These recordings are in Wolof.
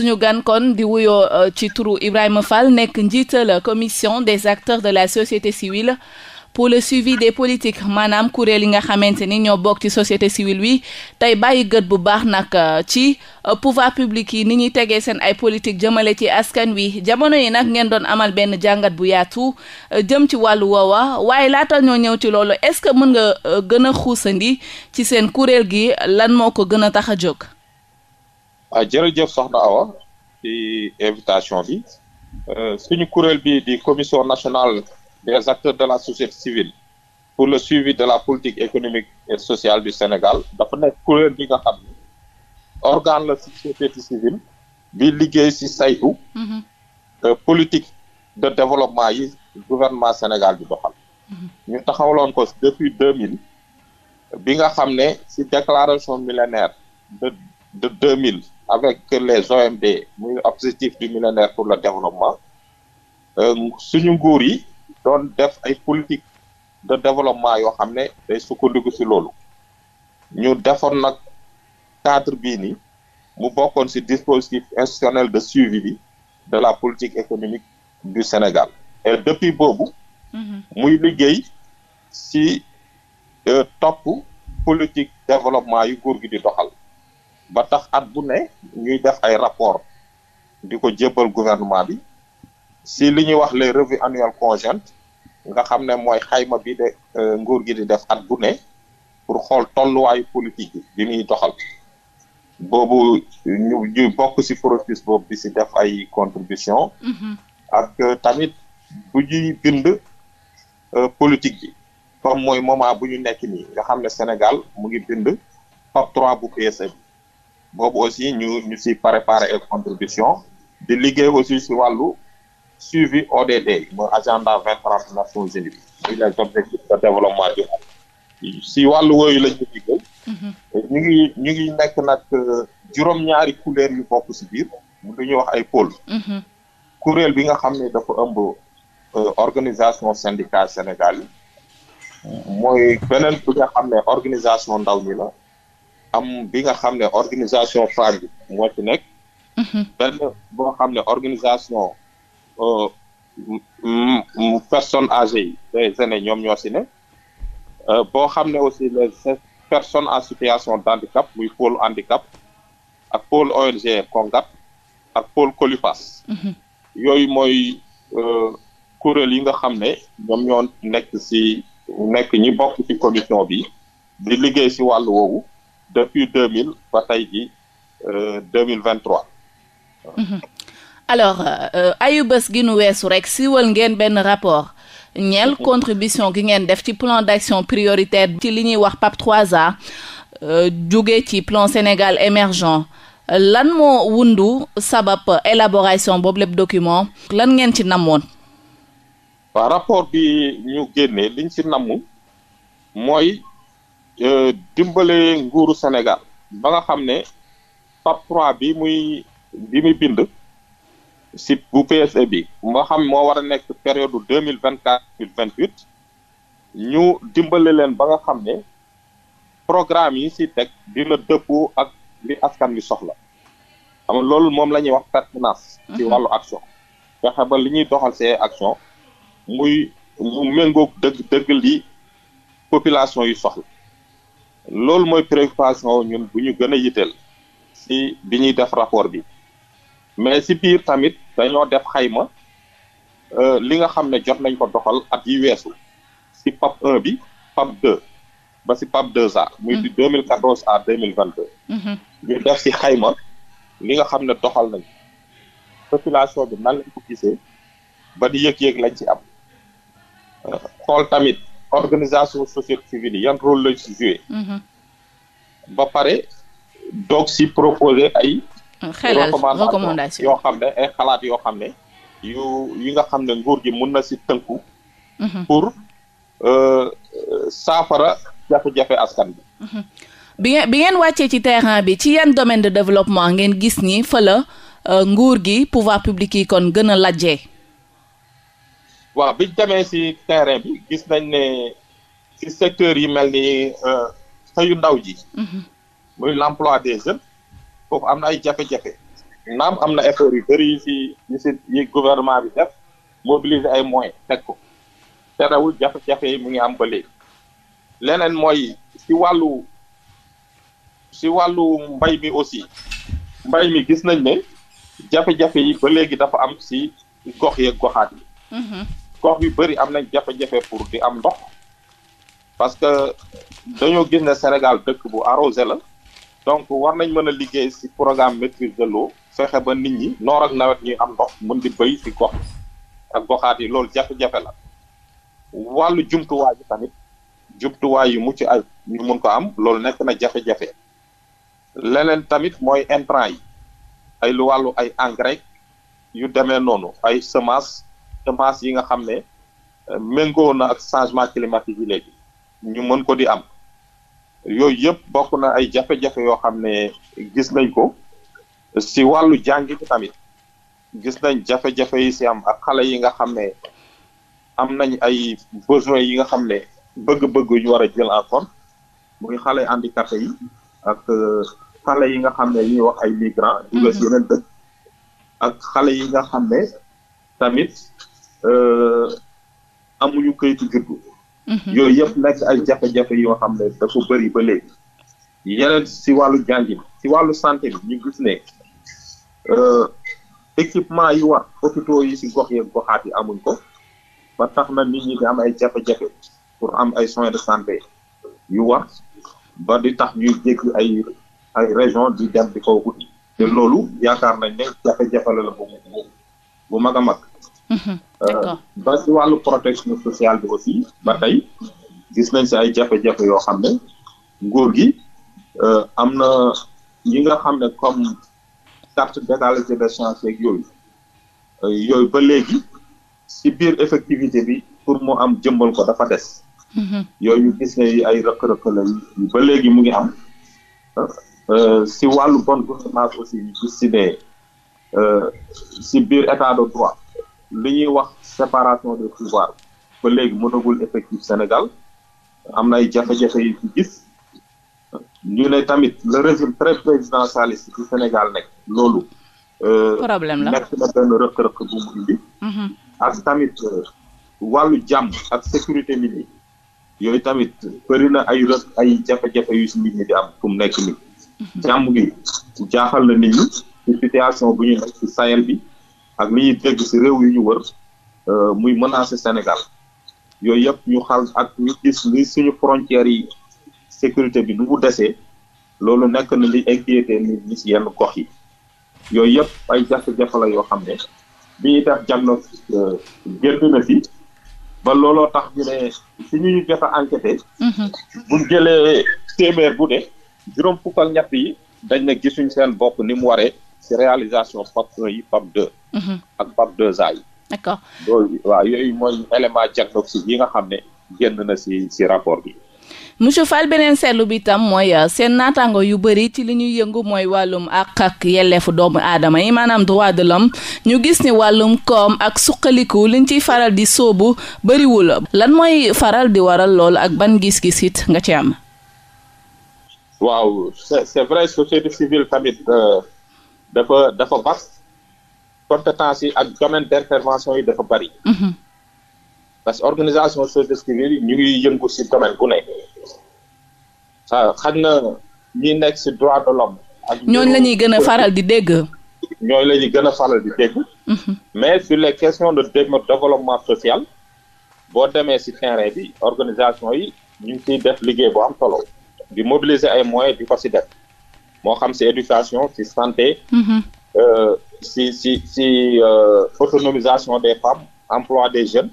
suñu gan kon di wuyoo euh, ci turu Ibrahima fal nekk njiital commission des acteurs de la société civile pour le suivi des politiques maanaam kuréel yi nga xamante ni ñoo bokk ci société civile wi tey bàyyi gët bu baax nag euh, ci euh, pouvoir public yi ni ñuy tegee seen ay politique jëmale ci askan wi jamono yi nag ngeen doon amal benn jàngat bu yaatu jëm ci wàllu woowa waaye laata ñoo ñëw ci loolu est-ce que mën nga gën a xuusandi ci seen kuréel gi lan moo ko gën a tax a jóg a ah, jërëjëf soxna Awa ci invitation bi euh, suñu kuréel bi di commission nationale des acteurs de la société civile pour le suivi de la politique économique et sociale du Sénégal dafa nekk kuréel bi nga xam ne organe la société civile bi liggéey ci saytu mhm. euh, politique de développement yi gouvernement Sénégal di doxal mhm. ñu taxawloon ko depuis deux mille bi nga xam ne ci déclaration millénaire de de deux mille avec les OMD muy objectif du millénaire pour le développement euh, suñu nguur yi doon def ay politique de développement yoo xam ne day sukkandiku ci loolu ñu defoon nag cadre bii nii mu bokkoon ci dispositif institutionnel de suivi bi de la politique économique du Sénégal et depuis boobu mhm. muy liggéey ci euh, topp politique développement yu nguur gi di doxal ba tax at bu ne ñuy def ay rapport di ko jébbal gouvernement bi si li ñuy wax les revues annuelles conjointes nga xam ne mooy xayma bi de euh, nguur gi di def at bu ne pour xool tolluwaayu politique bi bi muy doxal boobu ñu ñu bokk si processus boobu bi si def ay contribution mm-hmm. ak euh, tamit bu bind euh, politique bi comme mooy moment bu ñu nekk nii nga xam ne Sénégal mu ngi bind top 3 bu PSE boobu aussi ñu ñu si préparé ay contribution di liggéey aussi si wàllu suivi ODD mooy agenda vingt trente Nations Unies bi les objectifs de si wàllu wooyu la mhm. ñu ngi ñu ngi nekk nag euh, juróom-ñaari couleur yu bokk si biir mu dañuy wax ay pôle mhm. kuréel bi nga xam ne dafa ëmb euh, organisation syndicat Sénégal yi mooy beneen bi nga xam ne organisation ndaw ñi la am bi nga xam ne organisation femme bi moo ci nekk. Mhm. benn boo xam ne organisation euh, personnes âgées yi des ñoom ñoo si ne euh, boo xam ne aussi les personnes a situation d' handicap muy pôle handicap ak pôle ONG Kongat ak pôle Colifas. Mhm. yooyu mooy euh, kuréel yi nga xam ne ñoom ñoo nekk si nekk ñi bokk ci commission bi di liggéey si wàll woowu. depuis 2000 ba tey ji 2023. Euh, mhm. euh, gi nu weesu rek siiwal ngeen benn rapport ñeel mhm. contribution gi ngeen def ci plan d'action prioritaire ci li ñuy wax PAP 3A euh, jóge ci plan Sénégal émergent lan moo wundu sabab élaboration boobu lépp document lan ngeen ci namoon. waa rapport bi ñu génnee liñ ci namm mooy Euh, dimbale nguuru Sénégal ba nga xam ne PAP 3 bi muy bi muy bind si bu PSE bi moo xam moo war a nekk période deux mille vingt quatre mille vingt huit ñu dimbale leen ba nga xam ne programme yi si teg dina dëppoo ak li askan wi soxla xam loolu moom la ñuy wax pertinence li mhm. wàllu action fexe ba li ñuy doxal see action muy mu méngoog dëgg dëgg li population yi soxla loolu mooy préoccupation ñun bu ñu gën a yitteel si bi ñuy def rapport bi mais si biir tamit dañoo def xayma euh, li nga xam ne jot nañ ko doxal at yi weesu si PAP 1 bi PAP 2 ba si PAP 2A. muy mm-hmm. di 2014 à 2022. Mm-hmm. ñu def si xayma li nga xam ne doxal nañ population bi nan lañ ko gisee ba di yëg-yëg lañ ci am euh, xool tamit organisation société civile yi yan rôle lañ si mhm. ba pare doog si proposer ay. xelal recommandation yoo xam ne ay xalaat yoo xam ne. yu yi nga xam ne nguur gi mun na si tënku. Mhm. pour euh, saafara jafe-jafe askan bi. Mhm. bi ngeen wàccee ci terrain bi ci yan domaine de développement ngeen gis ni fa euh, nguur gi pouvoir public yi kon gën a lajjee. waaw biñ jamee ci terrain bi gis nañ ne ci secteur yi mel ni euh, xëyu ndaw ji mhm. muy l'emploi des jeunes foofu am na ay jafe-jafe naam am na effort yu bëri yu ci yu ci yi gouvernement bi def mobiliser ay moyens teg ko terewul jafe-jafe yi mu ngi am ba léegi leneen mooy ci wàllu ci wàllu mbay mi aussi mbay mi gis nañ ne jafe-jafe yi ba léegi dafa am ci gox yeeg goxaat yi mhm. gox yi bëri am nañ jafe-jafe pour di am ndox parce que dañoo gis ne Sénégal dëkk bu arrosé la donc war nañ mën a liggéey ci programme maîtrise de l'eau fexe ba nit ñi noor ak nawet ñi am ndox mën di béy ci gox ak goxaat yi loolu jafe-jafe la wàllu jumtuwaay yi tamit jumtuwaay yu mucc ay ñu mun ko am loolu nekk na jafe-jafe leneen tamit mooy intrant yi ay lu wàllu ay engrais yu demee noonu ay semence semence yi nga xam ne euh, méngoon na ak changement climatique yi léegi ñu mën ko di am yooyu yëpp bokk na ay jafe-jafe yoo xam ne gis nañ ko si wàllu jàngit tamit gis nañ jafe-jafe yi si am ak xale yi nga xam ne am nañ ay besoins yi nga xam ne bëgg-bëgg ñu war a jël en compte muy xale handicapé yi ak euh, xale yi nga xam ne ñuy wax ay migrants. dugal si mm-hmm. yeneen dëkk ak xale yi nga xam ne tamit. Euh, amuñu kayitu juddu. Mhm. yooyu yëpp nekk ay jafe-jafe yoo xam ne dafa bëri ba léegi. yeneen si wàllu jàngi si wàllu santé bi ñu gis ne euh, équipement yi war hôpitaux yi si gox yeeg goxaat yi amuñ ko ba tax na nit ñi di am ay jafe-jafe pour am ay soins de santé yu war ba di tax ñuy jéggi ay ay région di dem di ko te loolu yaakaar nañ ne jafe-jafe la la bu bu bu mag a mag Mm-hmm. Euh, ba si wàllu protection sociale bi aussi ba tey gis nañ si ay jafe-jafe yoo xam ne nguur gi euh, am na yi nga xam ne comme carte d'égalité des chances yeeg yooyu euh, yooyu ba léegi si biir effectivité bi pour mu am jëmbal ko dafa des mm-hmm. yooyu gis ne ay rëkk-rëkk la ba léegi mu ngi am si wàllu bonne gouvernance aussi ñu gis si ne si biir état de droit li ñuy wax séparation de pouvoir ba léegi mënagul effectif Sénégal am na ay jafe-jafe yu ci gis ñu ne tamit le régime très présidentialiste du Sénégal nekk loolu. Euh, problème la nekk na benn rëq-rëq bu mu indi. Mhm. ak tamit euh, wàllu jàmm ak sécurité nit ñi yooyu tamit bëri na ay rëq ay jafe-jafe yu si nit ñi di am fu nekk nii. Mhm. jàmm gi jaaxal na nit ñi ci situation bu ñu nekk ci Sahel bi. ak li ñuy dégg si réew yu ñu wër euh, muy menacer Sénégal yooyu yëpp ñu xal ak ñu gis li suñu frontières yi sécurité bi nu mu desee loolu nekk na li inquiété nit ñi si yenn gox yi yooyu yëpp ay jafe-jafe la yoo xam ne bi ñuy def diagnostic euh, génn na fi ba looloo tax ñu ne si ñu ñu jot a enquêté mm-hmm. jëlee téeméer bu de juróom fukk ak yi dañ na gisuñ seen bopp ni mu waree si réalisation PAP PAP 2. ak PAP 2A yi. d'accord yooyu mooy élément diagnostique yi nga xam ne génn na si si rapport bi. monsieur Fall beneen seetlu bi tam mooy euh, seen naataango yu bari ci li ñuy yëngu mooy wàllum àq ak yelleefu doomu aadama yi maanaam droit de lam ñu gis ni wàllum koom ak suqaliku liñ ci faral di sóobu bëriwul lan mooy faral di waral lool ak ban gis-gis it nga ci am. waaw c'est c'est vrai société civile tamit. Euh, dafa dafa vaste compétence yi ak domaine d' intervention yi dafa bari. Mhm. parce organisation société civile yi ñu ngi yëngu ci domaine bu nekk. waaw xam na ñi nekk ci droit de l'homme ak ñooñ la ñuy gën a faral di dégg. la ñuy gën a faral di mais sur les question de développement social boo demee ci terrain bi organisation yi ñu ngi ciy def liggéey bu am solo di mobiliser ay moyens di ko def. moo xam si éducation ci santé. Mm-hmm. Euh, si si si euh, autonomisation des femmes emploi des jeunes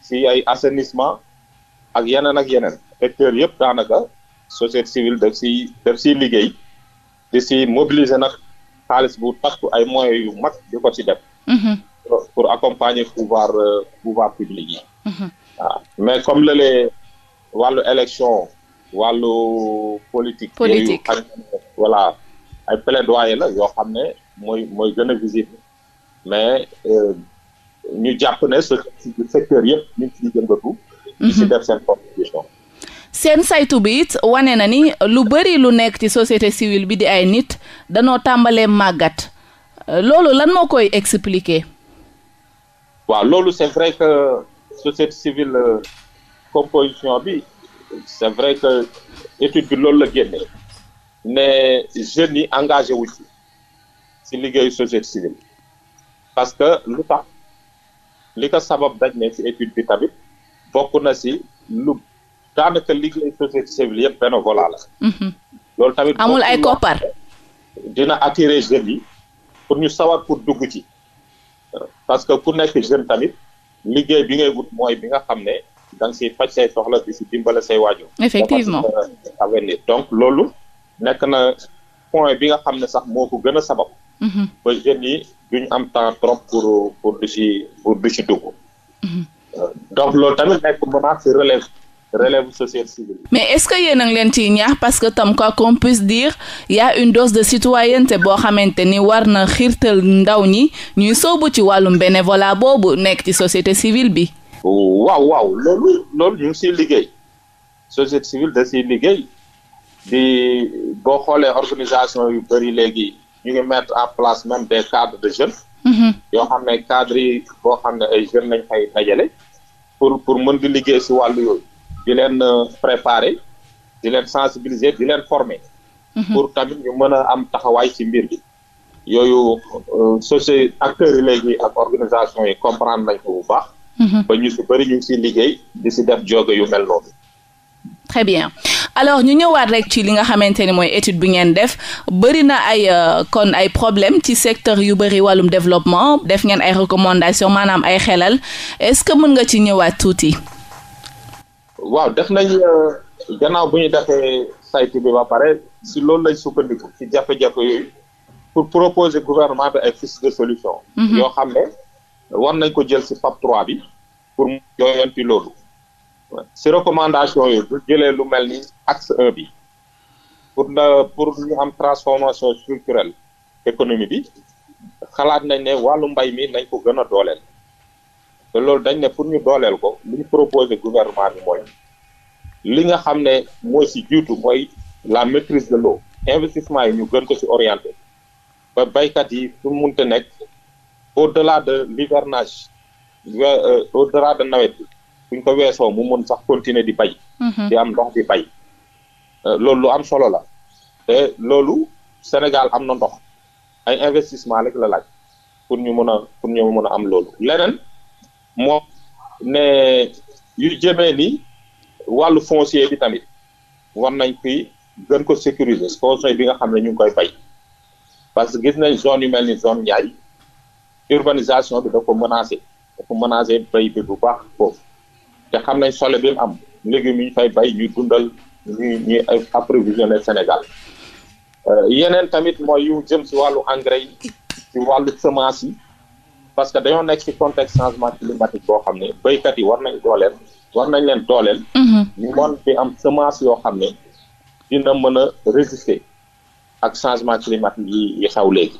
si ay assainissement ak yeneen ak yeneen secteur yëpp daanaka société civile de si daf liggéey di si mobiliser nag xaalis bu takku ay moyens yu mag di ko si mm-hmm. pour accompagner pouvoir euh, pouvoir public yi. Mm-hmm. waaw mais comme lële wàllu élection. wàllu politique. politique yooyu voilà ay plaidoyer la yoo xam ne mooy mooy gën a visible mais euh, ñu jàpp ne ce secteur yëpp ñu ngi jëngatu. di si mhm. def seen saytu bi it wane na ni lu bëri lu nekk ci société civile bi di ay nit danoo tàmbalee màggat euh, loolu lan moo koy expliquer. waaw loolu c'est vrai que société civile euh, composition bi. c'est vrai que étude bi loolu la génnee ne jeunes yi engagé wu ci si liggéeyu société civile parce que lu tax li ko sabab dañ ne si étude bi tamit bokk na si lu daanaka liggéeyu société civile yëpp bénévolat la. Mhm. loolu tamit amul ay koppar. dina attirer jeunes yi pour ñu sawar pour dugg ci parce que ku nekk jeune tamit liggéey bi ngay wut mooy bi nga xam ne. da nga siy faj say soxla di si dimbale say waajur. donc loolu nekk na point bi nga xam ne sax moo ko gën a sabab. Mhm. ba jeunes yi duñ am temps trop pour pour du si pour du dugg. Mhm. Euh, donc loolu tamit nekk moment si relève. relève sociale civile. mais est-ce que yéen a leen ciy ñaax parce que tam quoi qu'on puisse dire y a une dose de citoyenneté boo xamante ni war na xiirtal ndaw ñi ñuy sóobu ci wàllu wàllum bénévolat boobu nekk ci société civile bi. waaw waaw loolu loolu ñu ngi liggéey société civile da siy liggéey di boo xoolee organisation yu bëri léegi ñu ngi mettre en place même des cadres de jeunes. Mm-hmm. yoo xam ne cadres yi boo xam ne ay jeunes lañ fay dajale. pour pour mën di liggéey si wàllu yooyu di leen euh, préparer di leen sensibiliser di leen former. Mm-hmm. pour tamit ñu mën a am taxawaay ci mbir bi. yooyu euh, société acteurs yi léegi ak organisation yi comprendre nañ ko bu baax. Mhm. ba ñu si bëri ñu ngi liggéey di si def joge yu mel noonu. très bien alors ñu ñëwaat rek ci li nga xamante ni mooy étude bi ngeen def bëri na ay euh, kon ay problème ci secteur yu bëri wàllum développement def ngeen ay recommandation maanaam ay xelal est-ce que mën nga ci ñëwaat tuuti. waaw def nañ euh, gannaaw bu ñu defee saytu bi ba pare si loolu lañ sukkandiku ci jafe-jafe yooyu pour proposer gouvernement bi ay fiches de solution. Mhm. yoo xam ne. war nañ ko jël ci FAP 3 bi pour mu jooyanti loolu ci recommandation yi bu jëlee lu mel ni axe 1 bi pour na pour ñu am transformation structurelle économie bi xalaat nañ ne wàllu mbay mi nañ ko gën a dooleel te loolu dañ ne pour ñu dooleel ko li ñu proposé gouvernement bi mooy li nga xam ne mooy ci jiitu mooy la maîtrise de l'eau investissement yi ñu gën ko ci orienté ba baykat yi pour mu munte nekk de delà de l'hivernage euh, euh, au-delà de nawet bi buñ ko weesoo mu mën sax continuer di bay mhm. di am ndox di bay euh, loolu am solo la te loolu Sénégal am na ndox ay investissement rek la laaj pour ñu mën a pour ñu mën a am loolu leneen moo ne yu jëmee ni wàllu foncier bi tamit war nañ fi gën ko sécuriser foncier bi nga xam ne ñu ngi koy bay parce que gis nañ zone yu mel ni zone Niayes urbanisation bi da ko menacé da ko menacé bay bi bu baax foofu te xam nañ solo bi am légumes yi ñu fay bay ñuy dundal ñuy ñuy approvisionner Sénégal euh, yeneen tamit mooy yu jëm si wàllu engrais yi ci wàllu semence yi parce que dañoo nekk ci contexte changement climatique boo xam ne béykat yi war nañ dooleel war nañ leen dooleel mm-hmm. ñu mën di am semence yoo xam ne dina mën a ak changement climatique yi yi xew léegi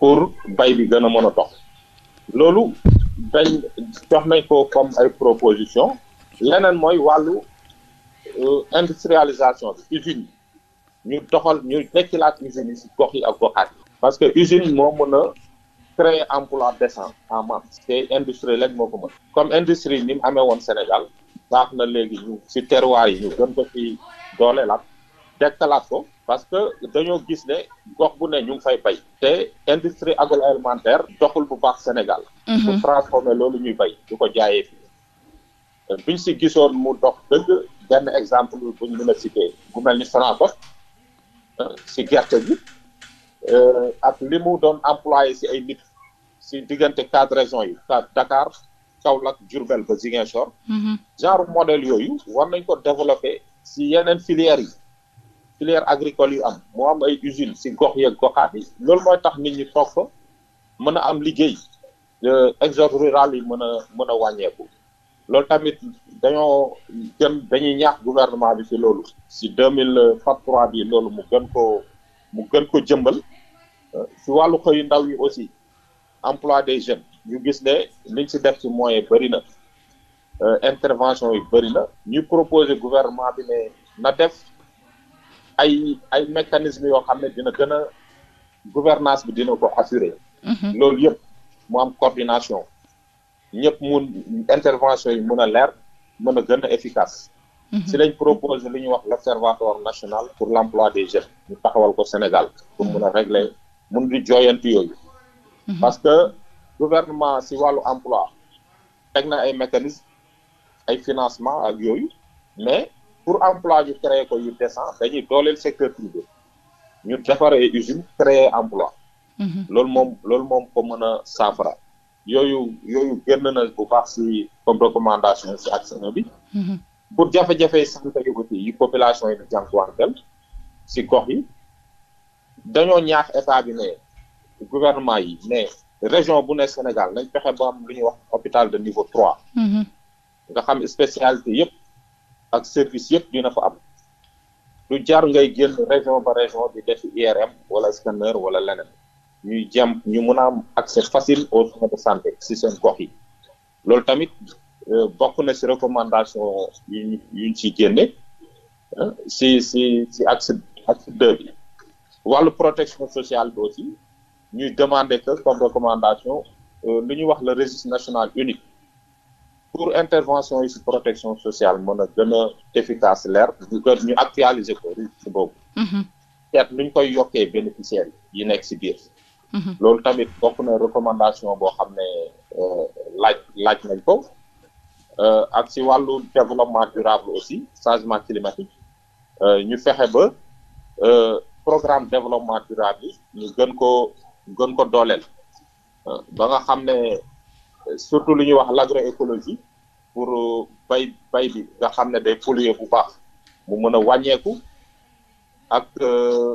pour bay bi gën a mën a dox loolu dañ jox nañ ko comme ay proposition leneen mooy wàllu euh, industrialisation bi usine yi ñu doxal ñu dekkilaat usines yi si gox yi ak goxaat yi parce que usine moo mën a créer emploi décent en masse te industrie rek moo ko mën comme industrie ni amee woon Sénégal baax na léegi ñu si yi ñu gën ko ci doole laat dektalaat ko parce que dañoo gis ne gox bu ne ñu ngi fay bay te industrie agroalimentaire doxul bu baax Sénégal pour mhm. transformer loolu ñuy bay du ko jaayee fii euh, buñ si gisoon mu dox dëgg benn exemple buñ mën a cité bu mel ni Sonacos euh, si gerte gi euh, ak li mu doon employé si ay nit si diggante quatre régions yi Dakar Kaolack Diourbel ba Ziguinchor mhm. genre modèle yooyu war nañ ko développer si yeneen filières yi filière agricole yu am moo am ay usines si gox yeeg goxaat yi loolu mooy tax nit ñi toog fa mën a am liggéey exode rural yi mën a mën a wàññeeku loolu tamit dañoo gën dañuy ñaax gouvernement bi ci loolu si deux mille vingt trois bi loolu mu gën ko mu gën ko jëmbal fi wàllu xëyu ndaw yi aussi emploi des jeunes ñu gis ne liñ si def ci moyen bëri na euh, intervention yi bëri na ñu proposé gouvernement bi ne na def ay ay mécanisme yoo xam ne dina gën a gouvernance bi dina ko assurer mhm. loolu yëpp mu am coordination ñëpp mun intervention yi mun a leer mën a gën a efficace mhm. si lañ proposé li ñuy wax l' observatoire national pour l' emploi des jeunes ñu taxawal ko Sénégal pour mun a régler mun di jooyantu yooyu mhm. parce que gouvernement si wàllu emploi teg na ay mécanismes ay financement ak yooyu mais pour emploi ñu créer ko yu décent dañuy dooleel secteur privé ñu defaree usine créer emploi mhm. loolu moom loolu moom ko mën a saafara yooyu yooyu génn na bu baax si comme recommandation si action bi mhm. pour jafe-jafe santé yi aussi yi population yi di jànkuwanteel si gox yi dañoo ñaax état bi ne gouvernement yi ne région bu ne Sénégal nañ fexe ba am lu ñuy wax hôpital de niveau trois mhm. nga xam spécialité yëpp ak service yëpp dina fa am lu jaar ngay génn région ba région di def IRM wala scanner wala leneen ñuy jëm ñu mun a am accès facile aux soins de santé si seen gox yi loolu tamit euh, bokk na si recommandation yu yuñ ci génne si si si accès accès deux bi wàllu protection sociale bi aussi ñuy demander que comme recommandation euh, lu ñu wax le registre nationale unique pour intervention yi si protection sociale mën a a efficace leer que ñu actualiser ko risque boobu mhm. seet nuñ koy yokkee bénéficiaires yi nekk si biir mhm. loolu tamit bokk na recommandation boo xam ne euh, laaj laaj nañ ko euh, ak si wàllu développement durable aussi changement climatique euh, ñu fexe ba programme développement durable yi ñu ko gën ko dooleel ba nga xam ne surtout lu ñuy wax écologie pour euh, bay bay bi nga xam ne day polluer bu baax mu mën a wàññeeku ak euh,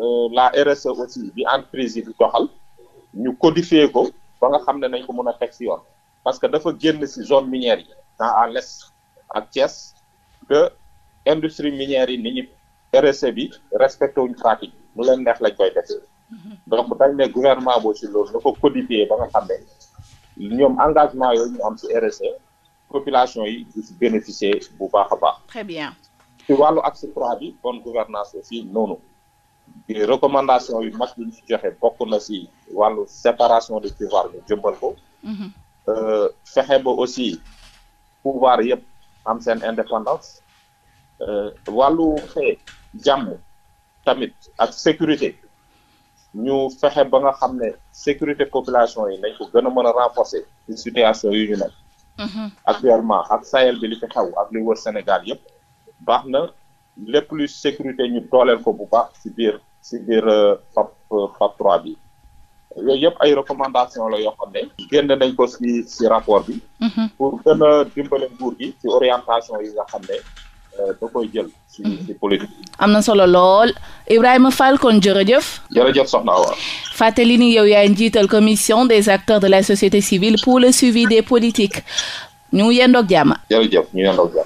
euh, la RSE aussi bi entreprise yi di doxal ñu codifier ko ba nga xam ne nañ ko mën a teg si yoon parce que dafa génn si zone minière yi dans à l'est ak Thiès que industrie minière yi ni ñu RSE bi respecté wuñ pratique mu leen neex lañ koy def mm-hmm. donc dañ ne gouvernement boo si loolu dafa codifier ba nga xam ne ñoom engagement yooyu ñu am ci RSE population yi du ci bénéficier bu baax a baax. très bien. ci wàllu axe 3 bi bonne gouvernance aussi noonu. recommandation yu mag yu ñu ci joxe bokk na ci wàllu séparation des pouvoirs ñu jëmbal ko. Mhm. Euh, fexe ba aussi pouvoir yëpp am seen indépendance. Euh, wàllu xee jàmm tamit ak sécurité. ñu fexe ba nga xam ne sécurité population yi nañ ko gën a mën a renforcer ci situation yu ñu nekk. Mhm. actuellement ak Sahel bi li fi xew ak li wër Sénégal yëpp baax na lépp luy sécurité ñu dooleel ko bu baax ci biir ci biir PAP PAP 3 bi yooyu yëpp ay recommandation la yoo xam ne génn nañ ko ci ci rapport bi. Mhm. pour gën dimbale nguur gi ci orientation yi nga xam ne. Eh, da koy jël. Mm. am na solo lool Ibrahima Fall kon jërëjëf. jërëjëf soxna Awa. fàttali ni yow yaay njiital commission des acteurs de la société civile pour le suivi des politiques ñu yendoog jàmm. jërëjëf